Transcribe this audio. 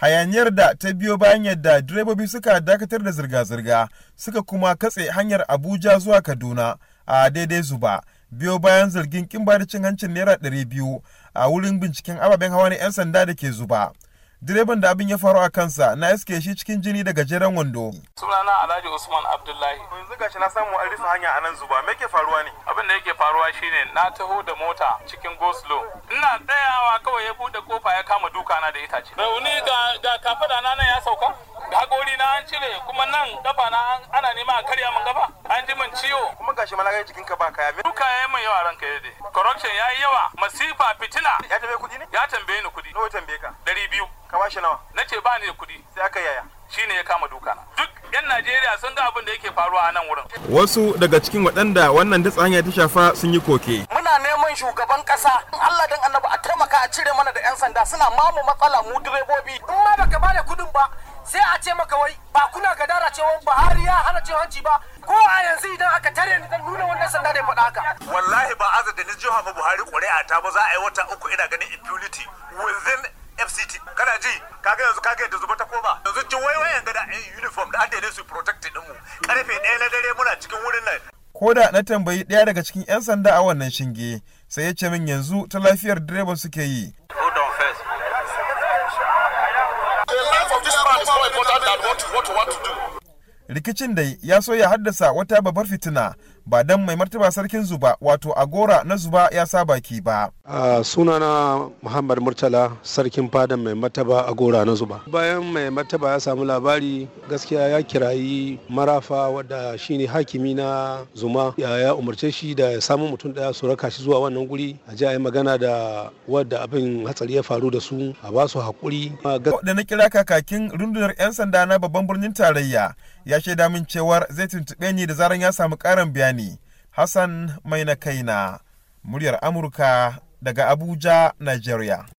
hayaniyar da ta biyo bayan yadda direbobi suka dakatar da zirga-zirga suka kuma katse hanyar abuja zuwa kaduna a daidai zuba biyo bayan zargin bada cin hancin naira 200 a wurin binciken ababen hawa na 'yan sanda da ke zuba direban da abin ya faru a kansa na iske shi cikin jini daga jiran wando. sunana alhaji usman abdullahi yanzu gashi na samu an rufe hanya a nan zuba me ke faruwa ne abin da yake faruwa shine na taho da mota cikin goslo ina tsayawa kawai ya bude kofa ya kama duka na da itace rauni ga ga kafada na nan ya sauka hakori na an cire kuma nan gaba na ana nema a karya min gaba an ji min ciwo kuma gashi ma na gani jikinka ba kaya me duka yi min yawa ranka yade corruption yi yawa masifa fitina ya tambaye kudi ne ya tambaye ni kuɗi nawa tambaye ka ka bashi nawa na ce ba ni da kuɗi sai aka yaya Shi ne ya kama duka na duk yan najeriya sun ga abin da yake faruwa a nan wurin wasu daga cikin waɗanda wannan datsa hanya ta shafa sun yi koke muna neman shugaban ƙasa in allah dan annabi a taimaka a cire mana da yan sanda suna mamu matsala mu direbobi in ma baka ba da kuɗin ba sai a ce maka wai ba kuna gadara cewa Buhari ya hana cin hanci ba ko a yanzu idan aka tare ni dan nuna wannan sanda da faɗa haka wallahi ba azar da ni jiha Buhari ƙuri'a ta ba za a yi wata uku ina ganin impunity within kaga yanzu kaga yadda zuba ta ba yanzu ci waiwayen da a uniform da ake su protect din mu karfe ɗaya na dare muna cikin wurin nan ko da na tambayi daya daga cikin 'yan sanda a wannan shinge sai ya ce min yanzu ta lafiyar direban suke yi rikicin dai ya so ya haddasa wata babbar fitina ba dan mai martaba sarkin zuba wato agora na zuba ya sa baki ba. Uh, sunana muhammad murtala sarkin fadan mai martaba agora na zuba bayan mai martaba ya samu labari gaskiya ya kirayi marafa wadda shine hakimi na zuma ya ya umarce shi da ya samu mutum daya su raka shi zuwa wannan guri a ji magana da wadda abin hatsari ya faru da su a ba su hakuri. da na kira kakakin rundunar 'yan sanda na babban birnin tarayya ya shaida min cewar zai tuntuɓe ni da zaran ya samu ƙarin bayani Sani, Hassan Mai na muryar Amurka daga Abuja, Nigeria.